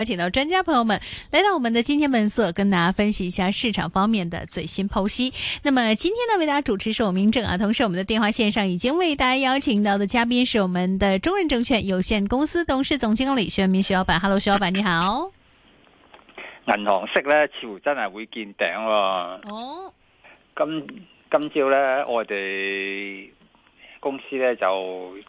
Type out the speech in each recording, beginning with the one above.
邀請到專家朋友們來到我們的今天本色，跟大家分析一下市場方面的最新剖析。那麼今天呢，為大家主持是我明正啊，同時我們的電話線上已經為大家邀請到的嘉賓是我們的中潤證券有限公司董事總經理徐潤民徐老闆。Hello，徐老闆你好。銀行息呢，似乎真係會見頂。哦、oh.，今今朝呢，我哋公司呢就。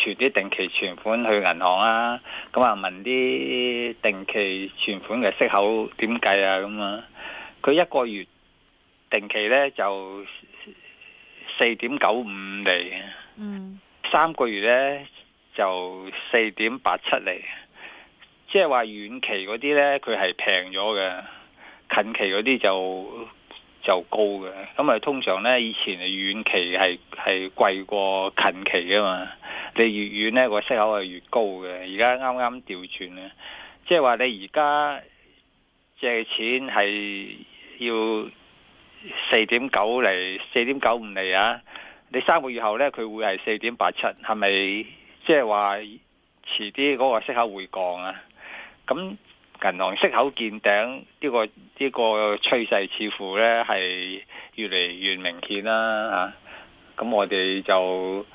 存啲定期存款去銀行啊，咁啊問啲定期存款嘅息口點計啊咁啊，佢、啊、一個月定期咧就四點九五厘，嗯，三個月咧就四點八七厘，即係話遠期嗰啲咧佢係平咗嘅，近期嗰啲就就高嘅，咁啊通常咧以前係遠期係係貴過近期㗎嘛。你越遠呢、呢個息口係越高嘅，而家啱啱調轉咧，即係話你而家借錢係要四點九厘，四點九五厘啊！你三個月後呢，佢會係四點八七，係咪即係話遲啲嗰個息口會降啊？咁銀行息口見頂呢、呢個呢、呢個趨勢似乎呢係越嚟越明顯啦啊！咁我哋就。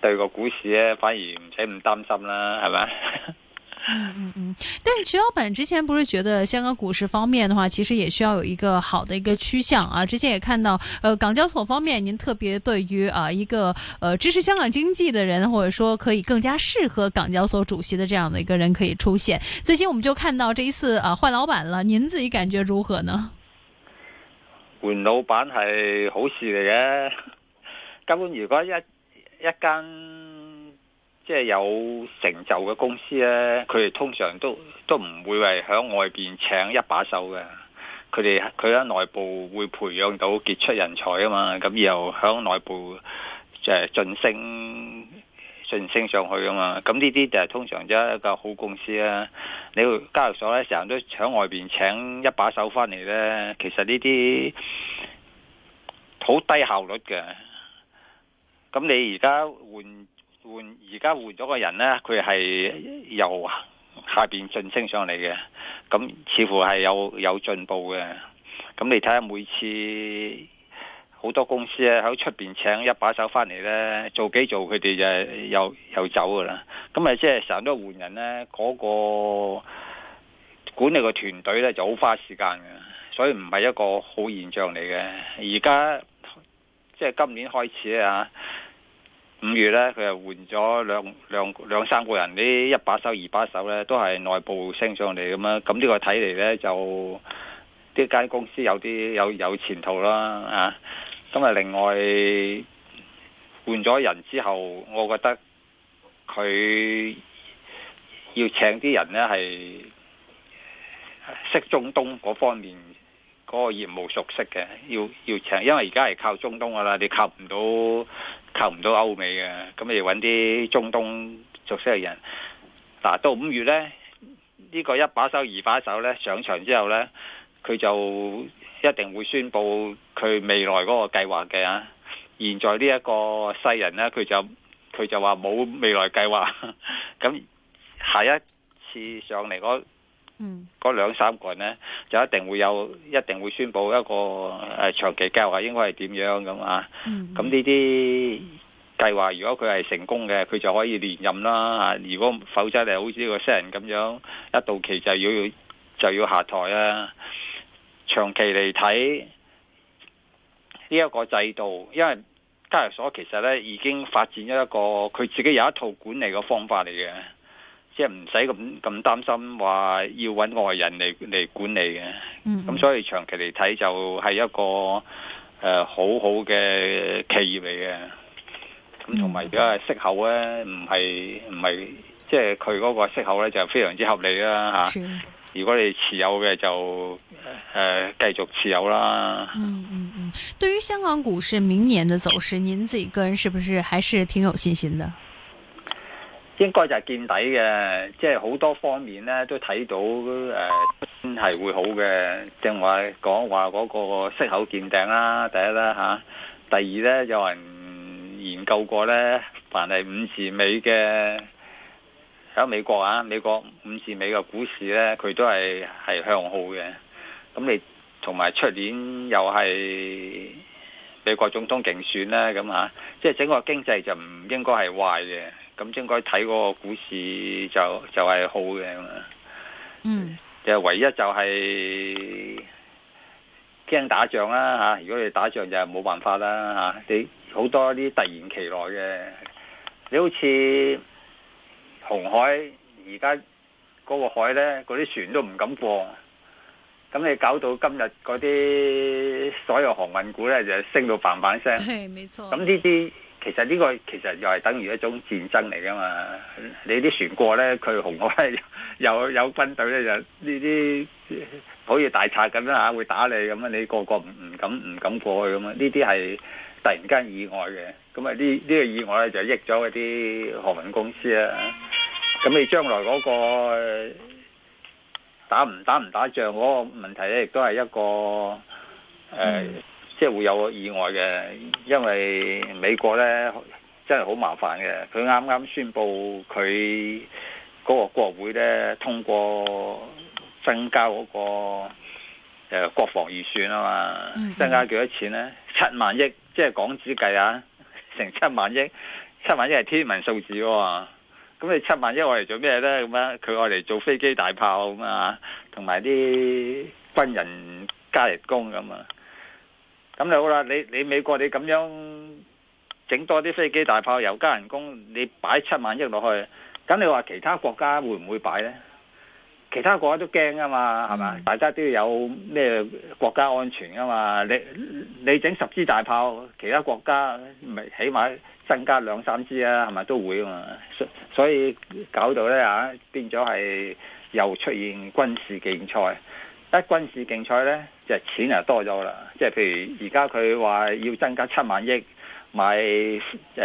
對個股市咧，反而唔使咁擔心啦，係咪？ 嗯嗯，但係徐老闆之前不是覺得香港股市方面的話，其實也需要有一個好的一個趨向啊。之前也看到，呃，港交所方面，您特別對於啊一個，呃，支持香港經濟的人，或者說可以更加適合港交所主席的這樣的一個人可以出現。最近我們就看到這一次啊換老闆了，您自己感覺如何呢？換老闆係好事嚟嘅，根本如果一。一間即係有成就嘅公司咧，佢哋通常都都唔會為響外邊請一把手嘅，佢哋佢喺內部會培養到傑出人才啊嘛，咁然後響內部即係晉升晉升上去啊嘛，咁呢啲就係通常啫一個好公司啦。你交易所咧成日都響外邊請一把手翻嚟咧，其實呢啲好低效率嘅。咁你而家換換而家換咗個人呢，佢係由下邊晉升上嚟嘅，咁似乎係有有進步嘅。咁你睇下每次好多公司咧喺出邊請一把手翻嚟呢，做幾做，佢哋就又又走噶啦。咁啊，即係成日都換人呢，嗰個管理個團隊呢就好花時間嘅，所以唔係一個好現象嚟嘅。而家即係今年開始啊！五月咧，佢又換咗兩兩兩三個人，呢一把手、二把手咧都係內部升上嚟咁啊！咁呢個睇嚟咧就呢間公司有啲有有前途啦啊！咁啊，另外換咗人之後，我覺得佢要請啲人咧係識中東嗰方面。嗰個業務熟悉嘅，要要請，因為而家係靠中東噶啦，你靠唔到靠唔到歐美嘅，咁你搵啲中東熟悉嘅人。嗱，到五月呢，呢個一把手二把手呢上場之後呢，佢就一定會宣布佢未來嗰個計劃嘅啊。現在呢一個西人呢，佢就佢就話冇未來計劃。咁下一次上嚟嗰嗯，嗰兩三個人咧，就一定會有，一定會宣布一個誒、呃、長期計劃應該係點樣咁啊。咁呢啲計劃，如果佢係成功嘅，佢就可以連任啦。啊、如果否則就好似呢個商人咁樣，一到期就要就要下台啦。長期嚟睇呢一個制度，因為交易所其實咧已經發展咗一個佢自己有一套管理嘅方法嚟嘅。即係唔使咁咁擔心，話要揾外人嚟嚟管理嘅。咁、嗯嗯、所以長期嚟睇就係一個誒、呃、好好嘅企業嚟嘅。咁同埋而家係息口咧，唔係唔係，即係佢嗰個息口咧就是、非常之合理啦吓。啊、是如果你持有嘅就誒繼、呃、續持有啦。嗯嗯嗯，對於香港股市明年嘅走勢，您自己個人是不是還是挺有信心的？應該就係見底嘅，即係好多方面呢都睇到誒，真、呃、係會好嘅。正話講話嗰個息口見頂啦，第一啦，嚇，第二呢，有人研究過呢，凡係五字尾嘅喺美國啊，美國五字尾嘅股市呢，佢都係係向好嘅。咁你同埋出年又係美國總統競選咧，咁嚇、啊，即係整個經濟就唔應該係壞嘅。咁應該睇嗰個股市就就係、是、好嘅，嗯，就係唯一就係驚打仗啦吓、啊。如果你打仗就係冇辦法啦吓、啊。你好多啲突然其來嘅，你好似紅海而家嗰個海呢，嗰啲船都唔敢過。咁你搞到今日嗰啲所有航運股呢，就升到棒棒聲。對，沒錯。咁呢啲。其實呢個其實又係等於一種戰爭嚟噶嘛，你啲船過呢，佢紅海又有軍隊呢，就呢啲好似大賊咁啦吓，會打你咁啊，你個個唔唔敢唔敢過去咁啊，呢啲係突然間意外嘅，咁啊呢呢個意外呢，就益咗嗰啲航運公司啊，咁你將來嗰個打唔打唔打仗嗰個問題呢，亦都係一個誒。呃嗯即係會有意外嘅，因為美國咧真係好麻煩嘅。佢啱啱宣布佢嗰個國會咧通過增加嗰個誒、呃、國防預算啊嘛，增加幾多錢咧？七萬億，即係港紙計啊，成七萬億，七萬億係天文數字喎、啊。咁你七萬億我嚟做咩咧？咁樣佢愛嚟做飛機大炮啊同埋啲軍人加人工咁啊。咁就好啦！你你美國你咁樣整多啲飛機大炮，又加人工，你擺七萬億落去，咁你話其他國家會唔會擺呢？其他國家都驚啊嘛，係咪？Mm-hmm. 大家都要有咩國家安全啊嘛！你你整十支大炮，其他國家咪起碼增加兩三支啊，係咪都會啊嘛，所所以搞到呢，嚇、啊，變咗係又出現軍事競賽。一軍事競賽呢，就係、錢又多咗啦。即、就、係、係、譬如而家佢話要增加七萬億買誒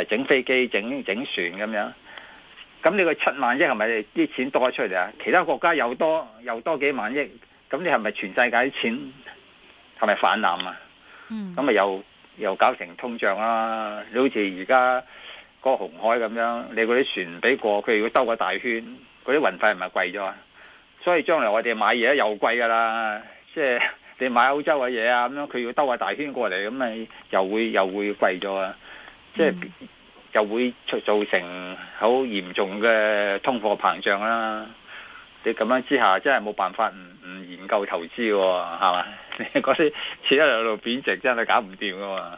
整飛機、整整船咁樣。咁你個七萬億係咪啲錢多出嚟啊？其他國家又多又多幾萬億，咁你係咪全世界啲錢係咪泛濫啊？嗯。咁啊，又又搞成通脹啦、啊！你好似而家個紅海咁樣，你嗰啲船俾過佢要兜個大圈，嗰啲運費係咪貴咗啊？所以將來我哋買嘢又貴噶啦，即係你買澳洲嘅嘢啊，咁樣佢要兜下大圈過嚟，咁咪又會又會貴咗啊！即係又會造成好嚴重嘅通貨膨脹啦。你咁樣之下真係冇辦法唔唔研究投資喎，係嘛？嗰啲始終一路貶值真，真係搞唔掂噶嘛。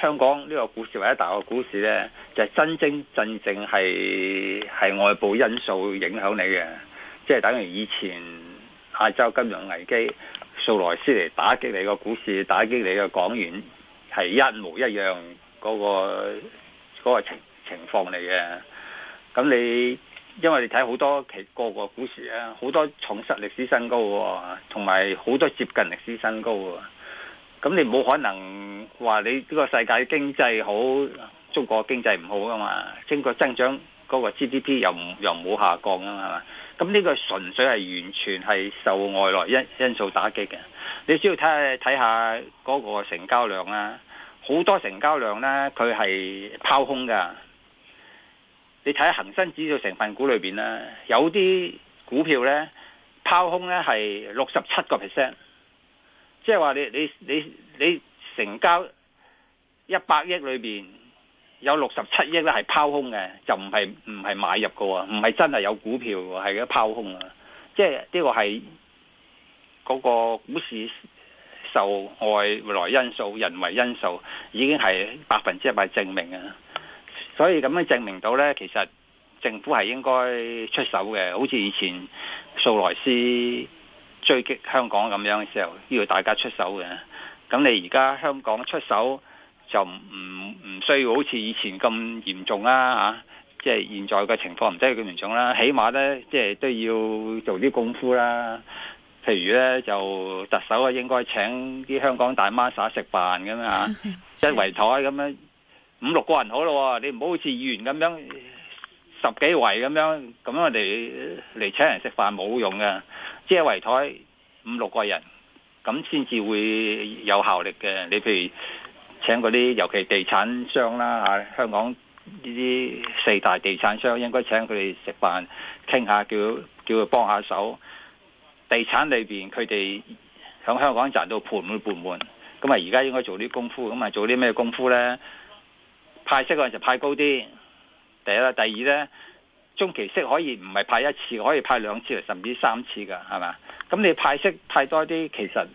香港呢個股市或者大陸股市呢，就真真正正係係外部因素影響你嘅，即係等於以前亞洲金融危機、索羅斯嚟打擊你個股市、打擊你個港元，係一模一樣嗰個嗰個情情況嚟嘅。咁你因為你睇好多其個個股市咧，好多重實歷史新高喎，同埋好多接近歷史新高喎。咁你冇可能話你呢個世界經濟好，中國經濟唔好啊嘛？中國增長嗰個 GDP 又唔又冇下降啊嘛？係嘛？咁呢個純粹係完全係受外來因因素打擊嘅。你需要睇下睇下嗰個成交量啦，好多成交量呢，佢係拋空噶。你睇下恒生指數成分股裏邊呢，有啲股票呢拋空呢係六十七個 percent。即係話，你你你你成交一百億裏邊有六十七億咧係拋空嘅，就唔係唔係買入嘅，唔係真係有股票，係嘅拋空啊！即係呢個係嗰個股市受外來因素、人為因素，已經係百分之一百證明啊！所以咁樣證明到呢，其實政府係應該出手嘅，好似以前素萊斯。追擊香港咁樣嘅時候，要大家出手嘅。咁你而家香港出手就唔唔需要好似以前咁嚴重啦，嚇。即係現在嘅情況唔真係咁嚴重啦，起碼呢，即係都要做啲功夫啦。譬如呢，就特首啊，應該請啲香港大媽曬食飯嘅嘛，即係 一圍台咁樣五六個人好咯。你唔好好似議員咁樣十幾圍咁樣，咁我哋嚟請人食飯冇用嘅。即係圍台五六個人咁先至會有效力嘅。你譬如請嗰啲，尤其地產商啦嚇，啊，香港呢啲四大地產商應該請佢哋食飯傾下，叫叫佢幫下手。地產裏邊佢哋喺香港賺到盤滿缽滿，咁啊而家應該做啲功夫，咁啊做啲咩功夫呢？派息嘅就派高啲，第一啦，第二呢。中期息可以唔係派一次，可以派兩次，甚至三次㗎，係嘛？咁你派息派多啲，其實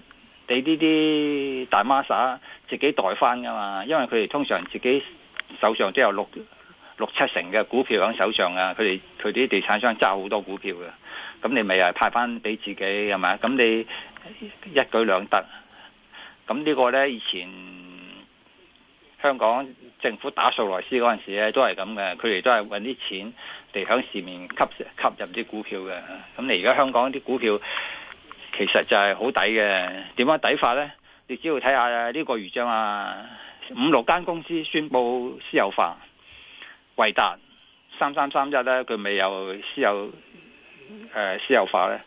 你呢啲大媽沙自己袋返㗎嘛，因為佢哋通常自己手上都有六六七成嘅股票喺手上啊，佢哋佢啲地產商揸好多股票嘅，咁你咪又派返畀自己係嘛？咁你一舉兩得，咁呢個呢，以前香港，政府打索羅斯嗰陣時咧，都係咁嘅，佢哋都係揾啲錢嚟響市面吸吸入啲股票嘅。咁你而家香港啲股票其實就係好抵嘅，點樣抵法呢？你只要睇下呢個預仗啊，五六間公司宣布私有化，維達三三三一呢，佢未有私有、呃、私有化咧，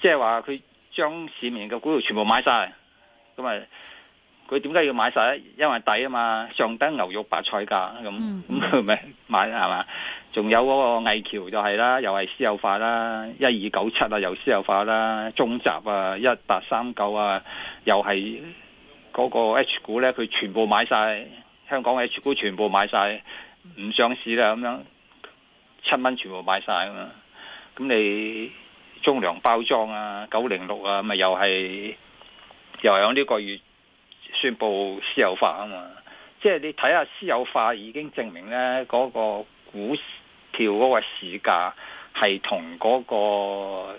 即係話佢將市面嘅股票全部買晒。咁咪。佢點解要買晒？因為抵啊嘛，上等牛肉白菜價咁，咁係咪買係嘛？仲有嗰個魏橋就係啦，又係私有化啦，一二九七啊，又私有化啦，中集啊，一八三九啊，又係嗰個 H 股呢。佢全部買晒，香港嘅 H 股全部買晒，唔上市啦咁樣，七蚊全部買晒啊嘛。咁你中糧包裝啊，九零六啊，咪又係又係呢個月，宣布私有化啊嘛，即係你睇下私有化已經證明呢，嗰個股票嗰個市價係同嗰個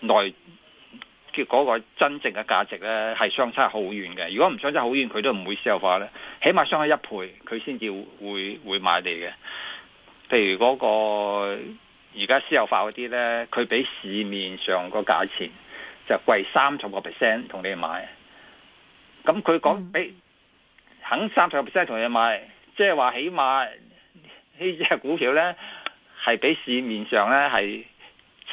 內，嗰個真正嘅價值呢係相差好遠嘅。如果唔相差好遠，佢都唔會私有化呢。起碼相差一倍，佢先至會會買你嘅。譬如嗰個而家私有化嗰啲呢，佢比市面上個價錢就貴三十個 percent 同你買。咁佢講俾肯三十個 percent 同你買，即係話起碼呢隻股票咧係比市面上咧係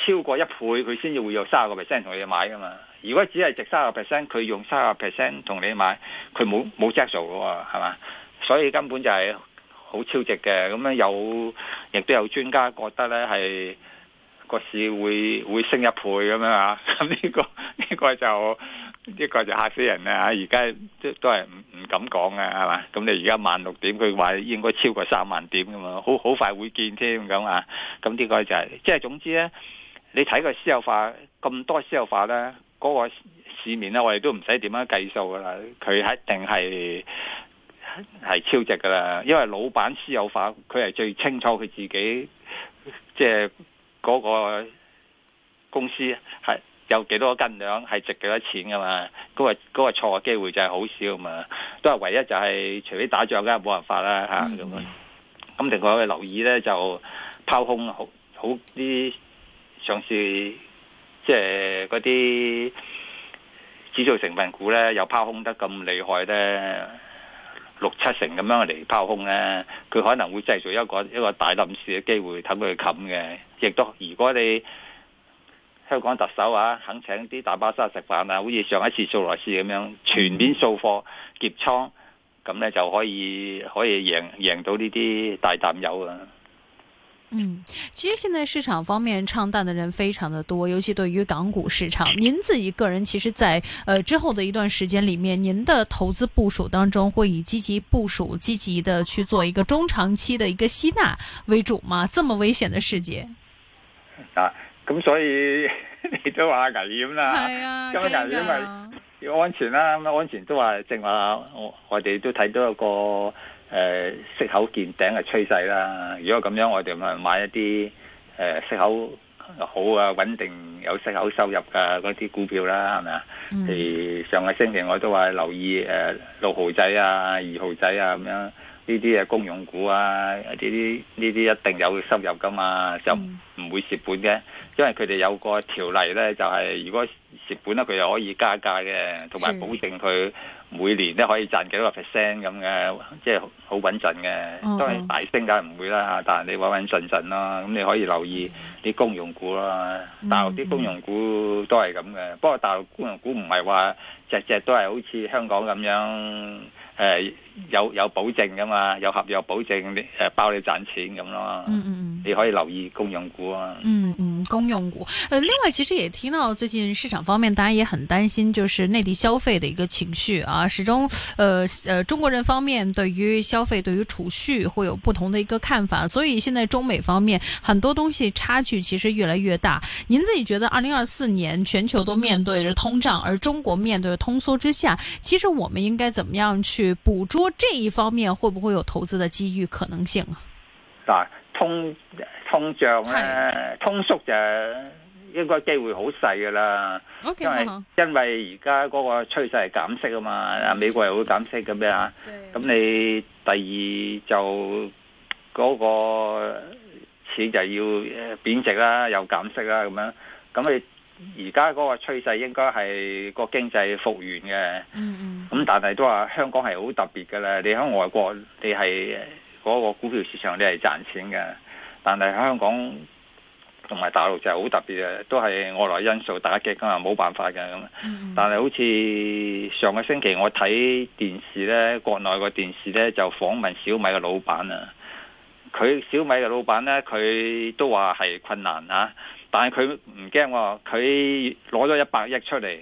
超過一倍，佢先至會有三十個 percent 同你買噶嘛。如果只係值三十個 percent，佢用三十個 percent 同你買，佢冇冇著數嘅喎，係嘛、啊？所以根本就係好超值嘅。咁樣有亦都有專家覺得咧係個市會會升一倍咁樣啊！咁呢、這個呢、這個就～呢個就嚇死人啦，而家都都係唔唔敢講啊，係嘛？咁你而家萬六點，佢話應該超過三萬點㗎嘛，好好快會見添咁啊！咁呢個就係，即係總之呢，你睇個私有化，咁多私有化呢，嗰個市面呢，我哋都唔使點樣計數噶啦，佢一定係係超值噶啦，因為老闆私有化，佢係最清楚佢自己即係嗰個公司係。有幾多斤兩係值幾多錢噶嘛？嗰、那個嗰、那個、錯嘅機會就係好少嘛。都係唯一就係除非打仗，梗係冇辦法啦嚇。咁、嗯嗯啊、另外我留意咧，就拋空好好啲上市，即係嗰啲指數成分股咧，又拋空得咁厲害咧，六七成咁樣嚟拋空咧，佢可能會製造一個一個大冧市嘅機會，氹佢冚嘅。亦都如果你，香港特首啊，肯請啲大巴沙食飯啊，好似上一次索羅斯咁樣全面掃貨劫倉，咁呢就可以可以贏贏到呢啲大淡友啊！嗯，其實現在市場方面唱淡嘅人非常的多，尤其對於港股市場，您自己個人其實在，在呃之後的一段時間裏面，您的投資部署當中會以積極部署、積極的去做一個中長期的一個吸納為主嗎？這麼危險的世界啊！咁所以 你都話危險啦，咁、啊、危險咪要安全啦。咁、啊、安全都話正話，我我哋都睇到一個誒、呃、息口見頂嘅趨勢啦。如果咁樣，我哋咪買一啲誒、呃、息口好啊、穩定有息口收入嘅嗰啲股票啦，係咪啊？嗯、而上個星期我都話留意誒、呃、六號仔啊、二號仔啊咁樣。呢啲嘅公用股啊，呢啲呢啲一定有收入噶嘛，就唔會蝕本嘅，因為佢哋有個條例咧，就係如果蝕本咧，佢又可以加價嘅，同埋保證佢每年咧可以賺幾多個 percent 咁嘅，即係好穩陣嘅。當然大升梗係唔會啦嚇，但係你穩穩神神穩穩陣陣咯，咁你可以留意啲公用股啦。大陸啲公用股都係咁嘅，不過大陸公用股唔係話隻隻都係好似香港咁樣誒。有有保證㗎嘛？有合約保證，你、呃、誒包你賺錢咁咯。嗯嗯嗯，你可以留意公用股啊。嗯嗯，公用股誒、呃，另外其實也聽到最近市場方面，大家也很擔心，就是內地消費的一個情緒啊，始終，呃呃中國人方面對於消費對於儲蓄會有不同的一個看法，所以現在中美方面很多東西差距其實越來越大。您自己覺得二零二四年全球都面對着通脹，而中國面對通縮之下，其實我們應該怎麼樣去捕捉？這一方面會不會有投資的機遇可能性啊？嗱、啊，通通脹咧，是通縮就應該機會好細噶啦。Okay, 因為 okay. 因為而家個趨勢係減息啊嘛，美國又會減息嘅咩啊？咁 Okay. 你第二就，對第二就、嗰個錢就要貶值啦，又減息啦，咁樣咁你而家個趨勢應該係個經濟復原嘅。嗯嗯。嗯咁但係都話香港係好特別嘅咧，你喺外國你係嗰個股票市場你係賺錢嘅，但係香港同埋大陸就係好特別嘅，都係外來因素打擊啊，冇辦法嘅咁。但係好似上個星期我睇電視呢，國內個電視呢，就訪問小米嘅老闆啊，佢小米嘅老闆呢，佢都話係困難啊，但係佢唔驚喎，佢攞咗一百億出嚟。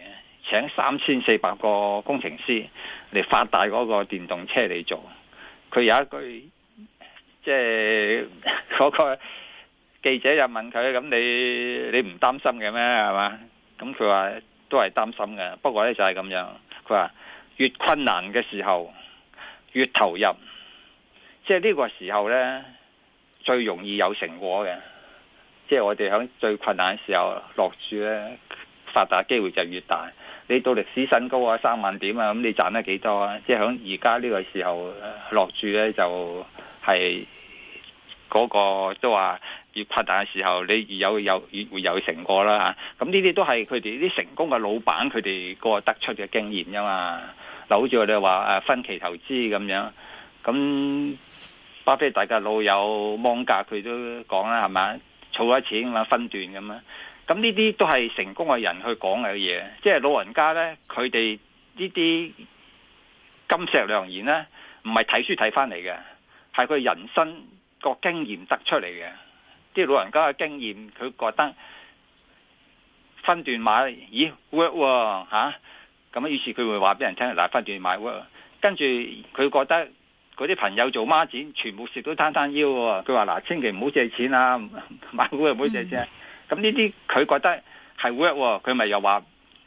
請三千四百個工程師嚟發大嗰個電動車嚟做，佢有一句，即係嗰個記者又問佢：咁你你唔擔心嘅咩？係嘛？咁佢話都係擔心嘅，不過呢，就係咁樣。佢話越困難嘅時候越投入，即係呢個時候呢，最容易有成果嘅，即係我哋響最困難嘅時候落注呢，發達機會就越大。你到歷史新高啊，三萬點啊，咁、嗯、你賺得幾多啊？即係響而家呢個時候落住咧，就係、是、嗰個都話越拍大嘅時候，你越有有越會有，有成果啦嚇。咁呢啲都係佢哋啲成功嘅老闆，佢哋個得出嘅經驗啊嘛。嗱、嗯，好似我哋話誒分期投資咁樣，咁、嗯、巴菲特嘅老友芒格佢都講啦，係咪？儲咗錢啊，分段咁樣。咁呢啲都係成功嘅人去講嘅嘢，即係老人家呢，佢哋呢啲金石良言呢，唔係睇書睇翻嚟嘅，係佢人生個經驗得出嚟嘅。啲老人家嘅經驗，佢覺得分段買，咦 work 吓，啊，咁啊，於是佢會話俾人聽，嗱，啊，分段買 work，啊，跟住佢覺得嗰啲朋友做孖展全部蝕到攤攤腰啊，佢話嗱，千祈唔好借錢啊，買股唔好借錢啊。嗯咁呢啲佢覺得係 work，佢咪又話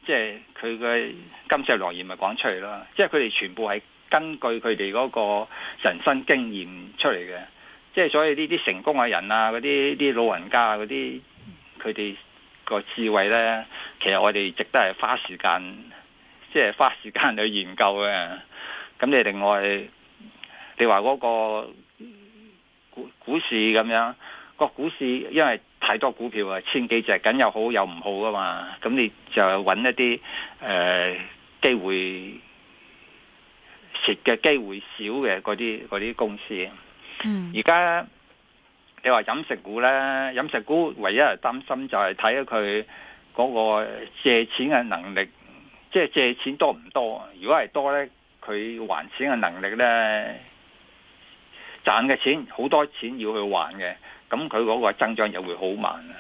即係佢嘅金石良言咪講出嚟咯。即係佢哋全部係根據佢哋嗰個人生經驗出嚟嘅。即係所以呢啲成功嘅人啊，嗰啲啲老人家嗰啲，佢哋個智慧咧，其實我哋值得係花時間，即係花時間去研究嘅。咁你另外，你話嗰個股股市咁樣個股市，股市因為，太多股票啊，千幾隻，梗又好又唔好噶嘛？咁你就揾一啲誒、呃、機會蝕嘅機會少嘅嗰啲嗰啲公司。嗯，而家你話飲食股咧，飲食股唯一係擔心就係睇下佢嗰個借錢嘅能力，即、就、係、係、借錢多唔多？如果係多咧，佢還錢嘅能力咧，賺嘅錢好多錢要去還嘅。咁佢嗰個增長又會好慢啊！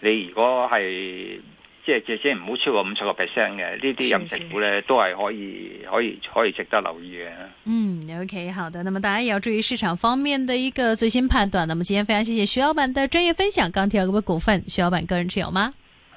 你如果係即係借錢唔好超過五十個 percent 嘅呢啲飲食股咧，都係可以、可以、可以值得留意嘅。嗯，OK，好的。那麼大家也要注意市場方面的一個最新判斷。那麼今天非常謝謝徐老板的專業分享。剛提到有冇股份？徐老闆個人持有嗎？